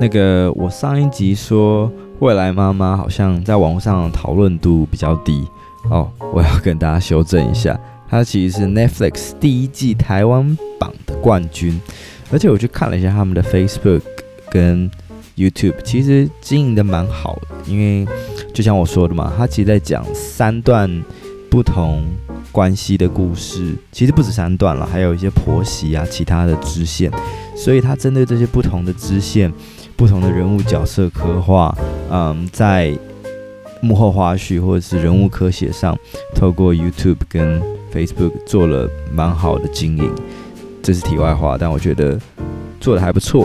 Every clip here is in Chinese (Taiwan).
那個，我上一集說未來媽媽好像在網絡上討論度比較低哦，我要跟大家修正一下，它其實是 Netflix 第一季台灣榜的冠軍，而且我去看了一下他們的 Facebook 跟 YouTube，其實經營得蠻好的，因為就像我說的嘛，它其實在講三段不同關係的故事，其實不止三段了，還有一些婆媳啊其他的支線。所以，他針對這些不同的支線、不同的人物角色刻畫，嗯，在幕後花絮或者是人物科寫上，透過 YouTube 跟 Facebook 做了蠻好的經營。這是題外話，但我覺得做得還不錯。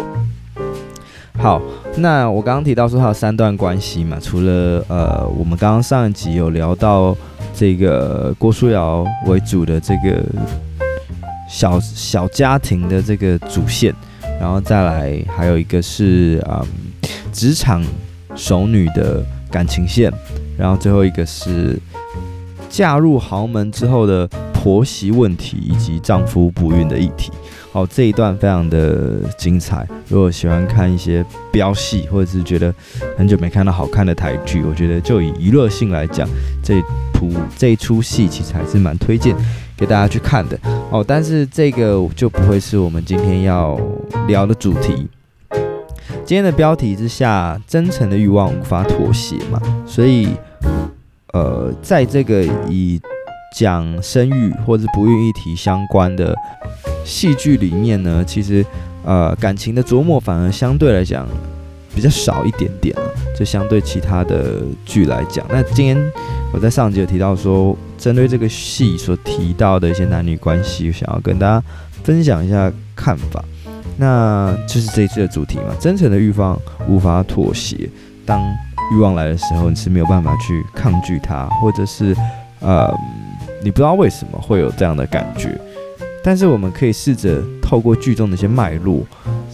好，那我剛剛提到說他有三段關係嘛，除了呃，我們剛剛上一集有聊到這個郭書瑤為主的這個。小小家庭的這個主線，然後再來還有一個是啊、嗯、職場熟女的感情線，然後最後一個是嫁入豪門之後的婆媳問題以及丈夫不孕的議題。好、哦，這一段非常的精彩。如果喜歡看一些飆戲，或者是覺得很久沒看到好看的台劇，我覺得就以娛樂性來講，這一部這一出戲其實還是蠻推薦給大家去看的哦，但是這個就不會是我們今天要聊的主題。今天的標題之下，真誠的欲望無法妥協嘛，所以呃，在這個以講生育或者是不孕議題相關的戲劇裡面呢，其實呃感情的琢磨反而相對來講比較少一點點了、啊，就相對其他的劇來講。那今天我在上集有提到說。針對這個戲所提到的一些男女關係，想要跟大家分享一下看法。那就是這一次的主題嘛，真誠的慾望無法妥協。當慾望來的時候，你是沒有辦法去抗拒它，或者是呃，你不知道為什麼會有這樣的感覺。但是我們可以試着透過劇中的一些脈絡，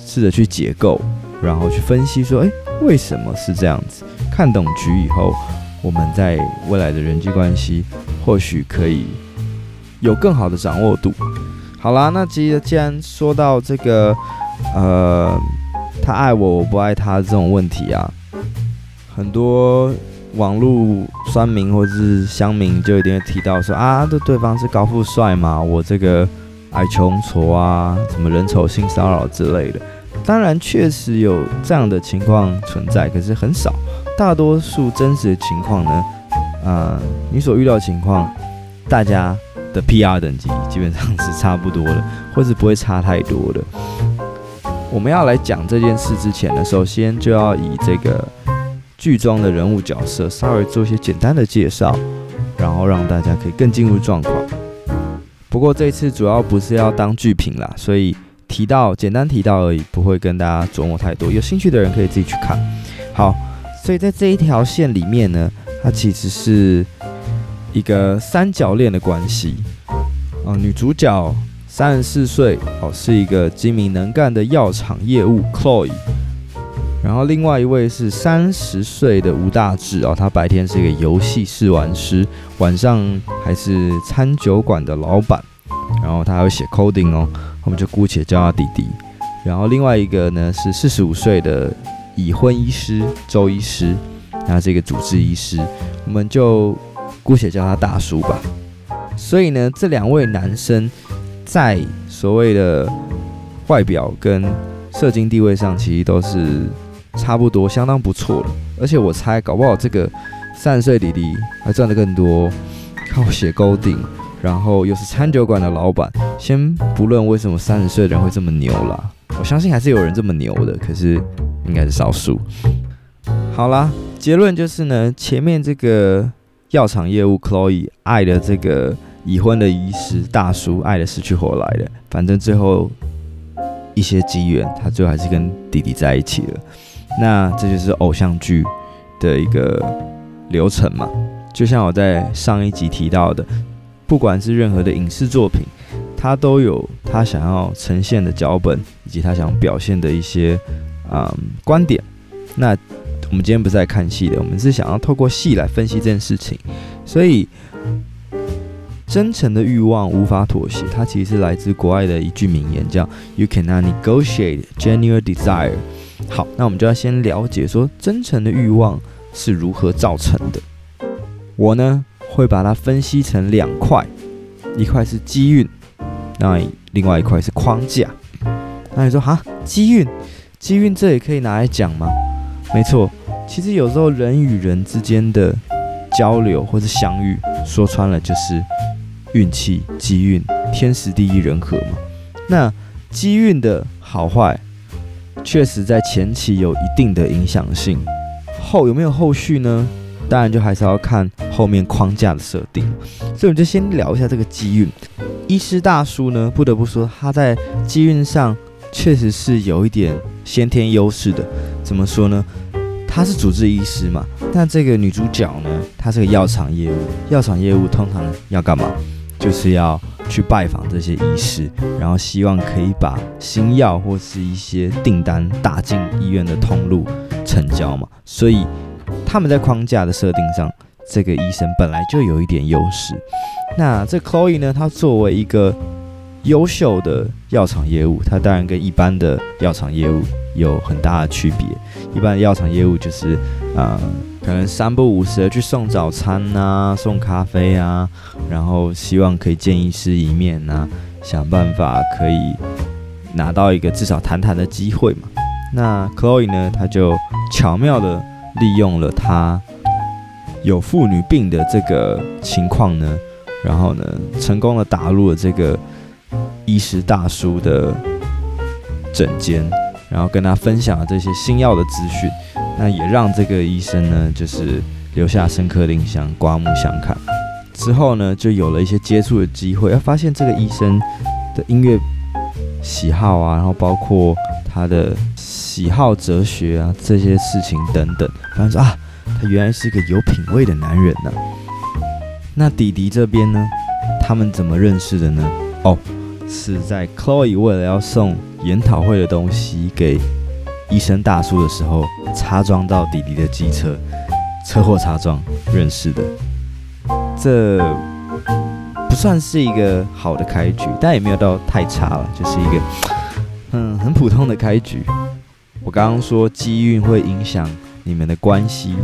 試着去解構，然後去分析說，誒，為什麼是這樣子？看懂劇以後，我們在未來的人際關係或許可以有更好的掌握度。好啦，那其實既然說到這個，呃，他愛我，我不愛他這種問題啊，很多網絡酸民或者是鄉民就一定會提到說啊，這對，對方是高富帥嘛，我這個矮窮矬啊，什麼人醜性騷擾之類的。當然，確實有這樣的情況存在，可是很少，大多數真實的情況呢？呃、嗯，你所遇到的情況，大家的 PR 等級基本上是差不多的，或是不會差太多的。我們要來講這件事之前呢，首先就要以這個劇中的人物角色稍微做些簡單的介紹，然後讓大家可以更進入狀況。不過這次主要不是要當劇評啦，所以提到簡單提到而已，不會跟大家琢磨太多。有興趣的人可以自己去看。好，所以在這一條線裡面呢。他其實是一個三角戀的關係。啊、女主角三十四歲哦，是一個精明能幹的藥廠業務 Chloe，然後另外一位是三十歲的吳大志，哦，他白天是一個遊戲試玩師，晚上還是餐酒館的老闆。然後他還會寫 coding 哦，我們就姑且叫他弟弟。然後另外一個呢，是四十五歲的已婚醫師周醫師。他這個主治醫師，我們就姑且叫他大叔吧。所以呢，這兩位男生在所謂的外表跟社經地位上，其實都是差不多，相當不錯的。而且我猜，搞不好這個三十歲弟弟還賺得更多。靠血勾頂，然後又是餐酒館的老板。先不論為什麼三十歲的人會這麼牛啦，我相信還是有人這麼牛的，可是應該是少數。好啦。結論就是呢，前面這個藥廠業務，Chloe 愛的這個已婚的醫師大叔，愛的死去活來的，反正最後一些機緣，他最後還是跟弟弟在一起了。那這就是偶像劇的一個流程嘛？就像我在上一集提到的，不管是任何的影視作品，他都有他想要呈現的腳本，以及他想表現的一些、嗯、觀點。那我們今天不是來看戲的，我們是想要透過戲來分析這件事情。所以，真誠的欲望無法妥協，它其實是來自國外的一句名言，叫 “You cannot negotiate genuine desire”。好，那我們就要先了解說真誠的欲望是如何造成的。我呢會把它分析成兩塊，一塊是機運，那另外一塊是框架。那你說哈機運，機運這也可以拿來講嗎？沒錯。其實有時候人與人之間的交流或是相遇，說穿了就是運氣、機運、天時地利人和嘛。那機運的好壞，確實在前期有一定的影響性。後有沒有後續呢？當然就還是要看後面框架的設定。所以我們就先聊一下這個機運。醫師大叔呢，不得不說他在機運上確實是有一點先天優勢的。怎麼說呢？他是主治醫師嘛，那這個女主角呢？她是個藥廠業務，藥廠業務通常要幹嘛？就是要去拜訪這些醫師，然後希望可以把新藥或是一些訂單打進醫院的通路成交嘛。所以他們在框架的設定上，這個醫生本來就有一點優勢。那這個 Chloe 呢？她作為一個優秀的藥廠業務，它當然跟一般的藥廠業務有很大的區別。一般的藥廠業務就是，啊、呃，可能三不五時去送早餐啊，送咖啡啊，然後希望可以見醫師一面啊，想辦法可以拿到一個至少談談的機會嘛。那 Chloe 呢，他就巧妙的利用了他有婦女病的這個情況呢，然後呢，成功的打入了這個。醫師大叔的診間，然後跟他分享了這些新藥的資訊，那也讓這個醫生呢，就是留下深刻印象，刮目相看。之後呢，就有了一些接觸的機會，要發現這個醫生的音樂喜好啊，然後包括他的喜好哲學啊這些事情等等，發現說啊，他原來是一個有品味的男人呢、啊。那弟弟這邊呢，他們怎麼認識的呢？哦。是在 Chloe 為了要送研討會的東西給醫生大叔的時候，擦撞到弟弟的機車，車禍擦撞認識的。這不算是一個好的開局，但也沒有到太差了，就是一個嗯很普通的開局。我剛剛說機運會影響你們的關係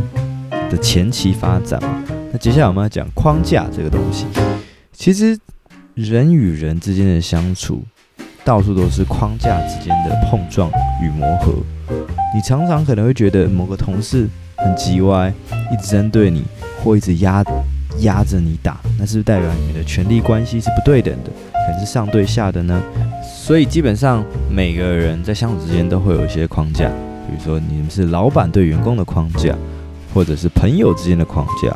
的前期發展嘛，那接下來我們要講框架這個東西，其實。人與人之間的相處，到處都是框架之間的碰撞與磨合。你常常可能會覺得某個同事很雞歪，一直針對你，或一直壓壓着你打，那是不是代表你們的權力關係是不對等的？可能是上對下的呢？所以基本上每個人在相處之間都會有一些框架，比如說你們是老闆對員工的框架，或者是朋友之間的框架，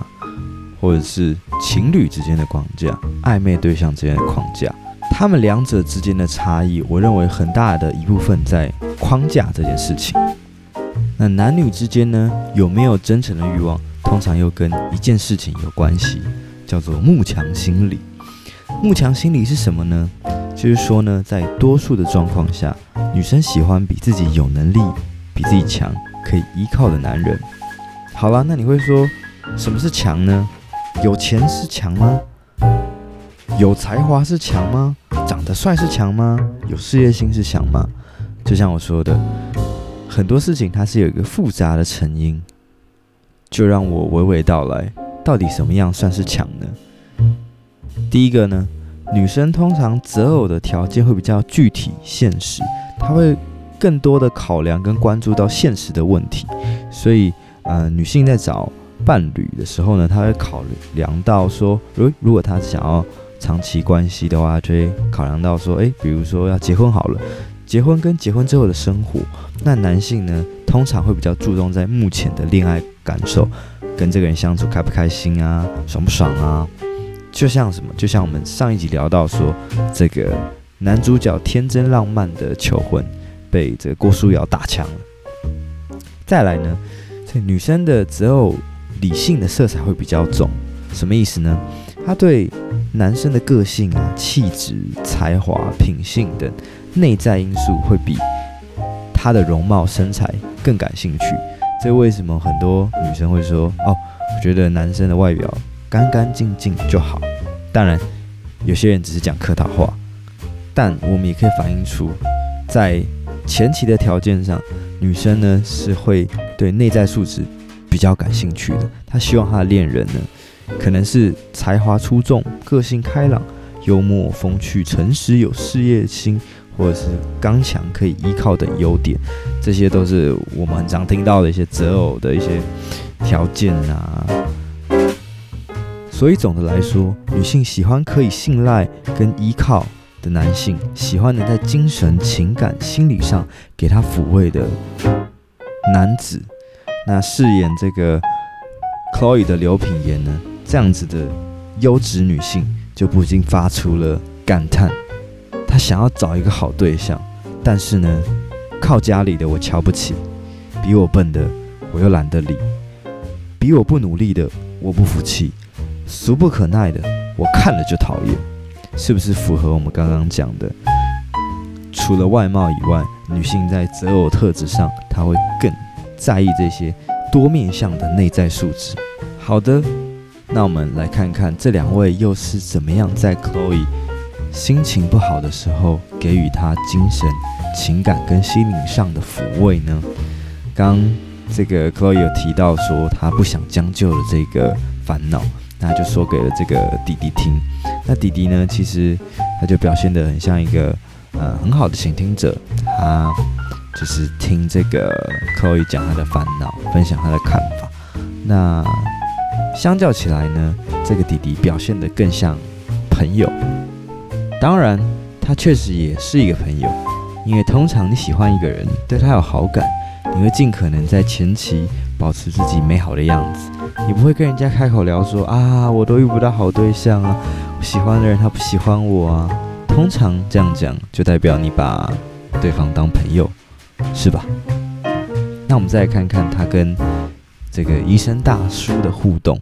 或者是，情侶之間的框架，曖昧對象之間的框架，他們兩者之間的差異，我認為很大的一部分在框架這件事情。那男女之間呢，有沒有真誠的慾望，通常又跟一件事情有關係，叫做慕強心理。慕強心理是什麼呢？就是說呢，在多數的狀況下，女生喜歡比自己有能力、比自己強、可以依靠的男人。好了，那你會說，什麼是強呢？有錢是強嗎？有才華是強嗎？長得帥是強嗎？有事業心是強嗎？就像我說的，很多事情它是有一個複雜的成因。就讓我娓娓道來，到底什麼樣算是強呢？第一個呢，女生通常擇偶的條件會比較具體、現實，她會更多的考量，跟關注到現實的問題，所以，呃，女性在找。伴侶的時候呢，他會考量到說，如如果他想要長期關係的話，就會考量到說，誒，比如說要結婚好了，結婚跟結婚之後的生活。那男性呢，通常會比較注重在目前的戀愛感受，跟這個人相處開不開心啊，爽不爽啊。就像什麼，就像我們上一集聊到說，這個男主角天真浪漫的求婚，被這個郭書瑤打槍了。再來呢，這女生的擇偶。理性的色彩會比較重，什麼意思呢？她對男生的個性啊、氣質、才華、品性等內在因素會比他的容貌、身材更感興趣。這為什麼很多女生會說哦，我覺得男生的外表乾乾淨淨就好？當然，有些人只是講客套話，但我們也可以反映出，在前期的條件上，女生呢是會對內在素質，比較感興趣的，他希望他的戀人呢，可能是才華出眾、個性開朗、幽默風趣、誠實有事業心，或者是剛強可以依靠的優點，這些都是我們很常聽到的一些擇偶的一些條件啊。所以總的來說，女性喜歡可以信賴跟依靠的男性，喜歡能在精神、情感、心理上給他撫慰的男子。那飾演這個 Chloe 的劉品言呢，這樣子的優質女性就不禁發出了感嘆，她想要找一個好對象，但是呢，靠家裡的我瞧不起，比我笨的我又懶得理，比我不努力的我不服氣，俗不可耐的我看了就討厭，是不是符合我們剛剛講的？除了外貌以外，女性在擇偶特質上，她會更在意這些多面向的內在素質。好的，那我們來看看這兩位又是怎麼樣在 Chloe 心情不好的時候給予他精神、情感跟心靈上的撫慰呢？剛這個 Chloe 有提到說他不想將就的這個煩惱，那就說給了這個弟弟聽。那弟弟呢，其實他就表現得很像一個呃，很好的傾聽者，他。就是聽這個 Chloe，講他的煩惱，分享他的看法。那相較起來呢，這個弟弟表現得更像朋友。當然，他確實也是一個朋友，因為通常你喜歡一個人，對他有好感，你會盡可能在前期保持自己美好的樣子，你不會跟人家開口聊說啊，我都遇不到好對象啊，我喜歡的人他不喜歡我啊。通常這樣講，就代表你把對方當朋友。是吧？那我們再來看看他跟這個醫生大叔的互動。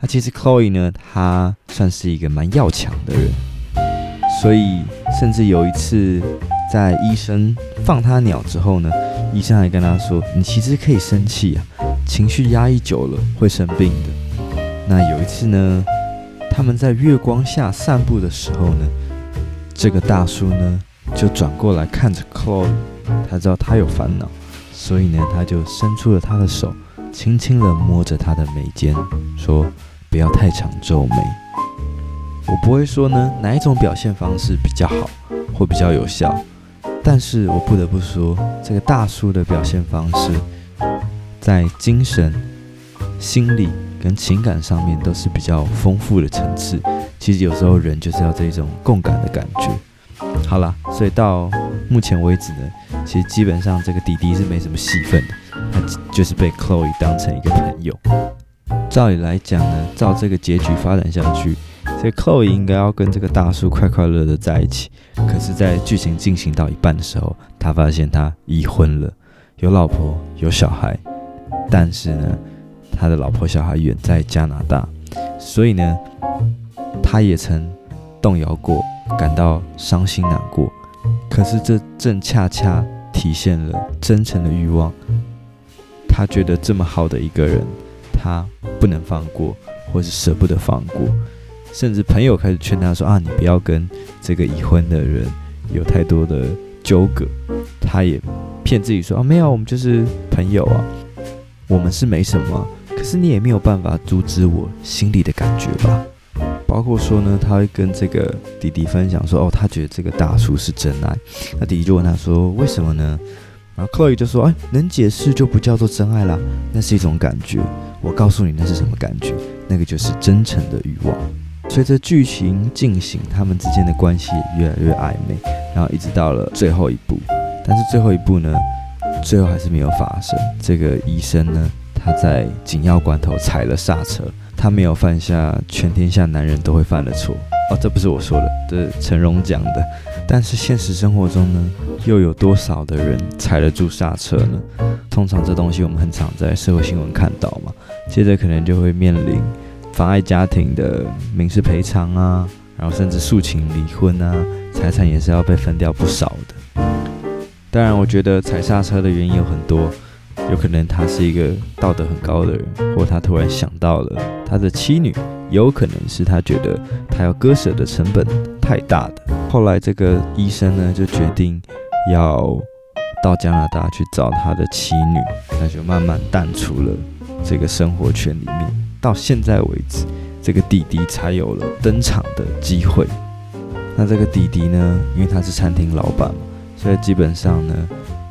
那、啊、其實 Chloe 呢，他算是一個蠻要強的人，所以甚至有一次在醫生放他鳥之後呢，醫生還跟他說：“你其實可以生氣啊，情緒壓抑久了會生病的。”那有一次呢，他們在月光下散步的時候呢，這個大叔呢就轉過來看着 Chloe。他知道他有煩惱，所以呢，他就伸出了他的手，輕輕地摸着他的眉間，說：“不要太常皺眉。”我不會說呢哪一種表現方式比較好或比較有效，但是我不得不說，這個大叔的表現方式，在精神、心理跟情感上面都是比較豐富的層次。其實有時候人就是要這種共感的感覺。好啦，所以到。目前為止呢，其實基本上這個弟弟是沒什麼戲份的，他就是被 Chloe 當成一個朋友。照理來講呢，照這個結局發展下去，這 Chloe 應該要跟這個大叔快快樂樂在一起。可是，在劇情進行到一半的時候，他發現他已婚了，有老婆有小孩，但是呢，他的老婆小孩遠在加拿大，所以呢，他也曾動搖過，感到傷心難過。可是，這正恰恰體現了真誠的欲望。他覺得這麼好的一個人，他不能放過，或是捨不得放過。甚至朋友開始勸他說：“啊，你不要跟這個已婚的人有太多的糾葛。”他也騙自己說：“啊，沒有，我們就是朋友啊，我們是沒什麼、啊。”可是你也沒有辦法阻止我心裡的感覺吧？包括說呢，他會跟這個弟弟分享說，哦，他覺得這個大叔是真愛。那弟弟就問他說，為什麼呢？然後 Chloe 就說，哎，能解釋就不叫做真愛啦，那是一種感覺。我告訴你，那是什麼感覺？那個就是真誠的慾望。隨着劇情進行，他們之間的關係也越來越曖昧，然後一直到了最後一步。但是最後一步呢，最後還是沒有發生。這個醫生呢，他在緊要關頭踩了剎車。他沒有犯下全天下男人都會犯的錯哦，這不是我說的，這是成龍講的。但是現實生活中呢，又有多少的人踩得住剎車呢？通常這東西我們很常在社會新聞看到嘛。接着可能就會面臨妨礙家庭的民事賠償啊，然後甚至訴請離婚啊，財產也是要被分掉不少的。當然，我覺得踩剎車的原因有很多，有可能他是一個道德很高的人，或他突然想到了。他的妻女，有可能是他覺得他要割捨的成本太大的。後來這個醫生呢就決定要到加拿大去找他的妻女，那就慢慢淡出了這個生活圈裡面。到現在為止，這個弟弟才有了登場的機會。那這個弟弟呢，因為他是餐廳老闆嘛，所以基本上呢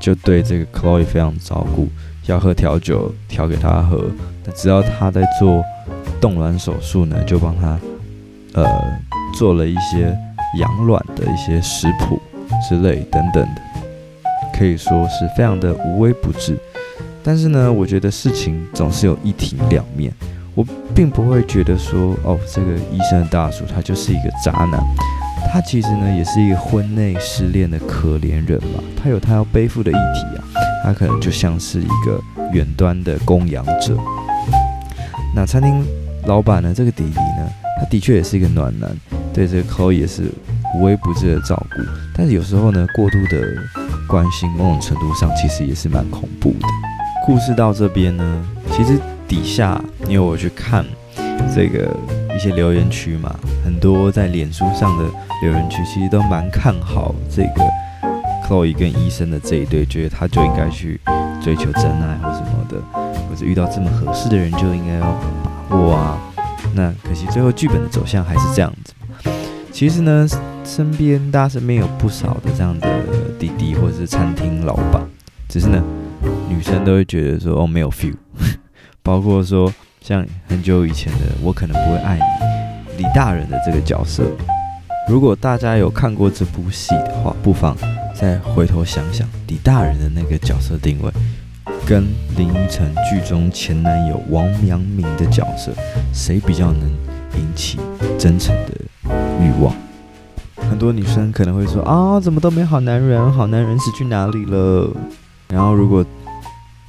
就對這個 Chloe 非常照顧。要喝調酒調給他喝，那只要他在做凍卵手術呢，就幫他呃做了一些養卵的一些食譜之類等等的，可以說是非常的無微不至。但是呢，我覺得事情總是有一體兩面，我並不會覺得說哦，這個醫生的大叔他就是一個渣男，他其實呢也是一個婚內失戀的可憐人嘛，他有他要背負的議題啊。他可能就像是一個遠端的供養者。那餐廳老闆呢？這個弟弟呢？他的確也是一個暖男，對這個口也是無微不至的照顧。但是有時候呢，過度的關心，某種程度上其實也是蠻恐怖的。故事到這邊呢，其實底下因為我去看這個一些留言區嘛，很多在臉書上的留言區，其實都蠻看好這個。所以跟醫生的這一對，覺得他就應該去追求真愛或什麼的，或者遇到這麼合適的人就應該要把握啊。那可惜最後劇本的走向還是這樣子。其實呢，身邊大家身邊有不少的這樣的弟弟或者是餐廳老板，只是呢，女生都會覺得說哦沒有 feel。包括說像很久以前的我可能不會愛你，李大人的這個角色，如果大家有看過這部戲的話，不妨。再回頭想想，李大人的那個角色定位，跟林依晨劇中前男友王陽明的角色，誰比較能引起真誠的欲望？很多女生可能會說啊、哦，怎麼都沒好男人？好男人死去哪裡了？然後如果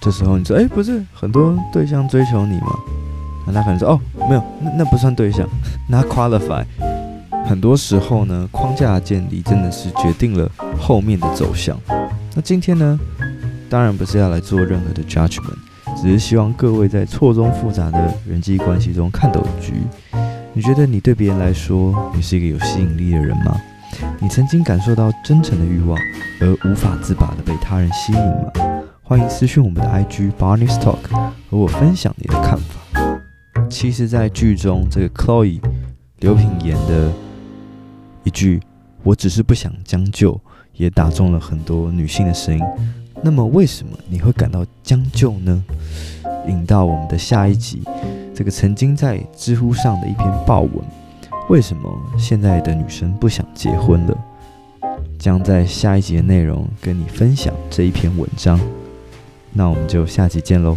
這時候你說，哎，不是很多對象追求你嗎？那他可能說，哦，沒有，那那不算對象，那 qualify。很多時候呢，框架建立真的是決定了後面的走向。那今天呢，當然不是要來做任何的 judgment，只是希望各位在錯綜複雜的人際關係中看到的局。你覺得你對別人來說，你是一個有吸引力的人嗎？你曾經感受到真誠的慾望，而無法自拔的被他人吸引嗎？歡迎私訊我們的 IG Barney's Talk 和我分享你的看法。其實，在劇中這個 Chloe 劉品言的。一句“我只是不想將就”，也打中了很多女性的聲音。那麼，為什麼你會感到將就呢？引到我們的下一集，這個曾經在知乎上的一篇爆文：為什麼現在的女生不想結婚了？將在下一集的內容跟你分享這一篇文章。那我們就下期見嘍。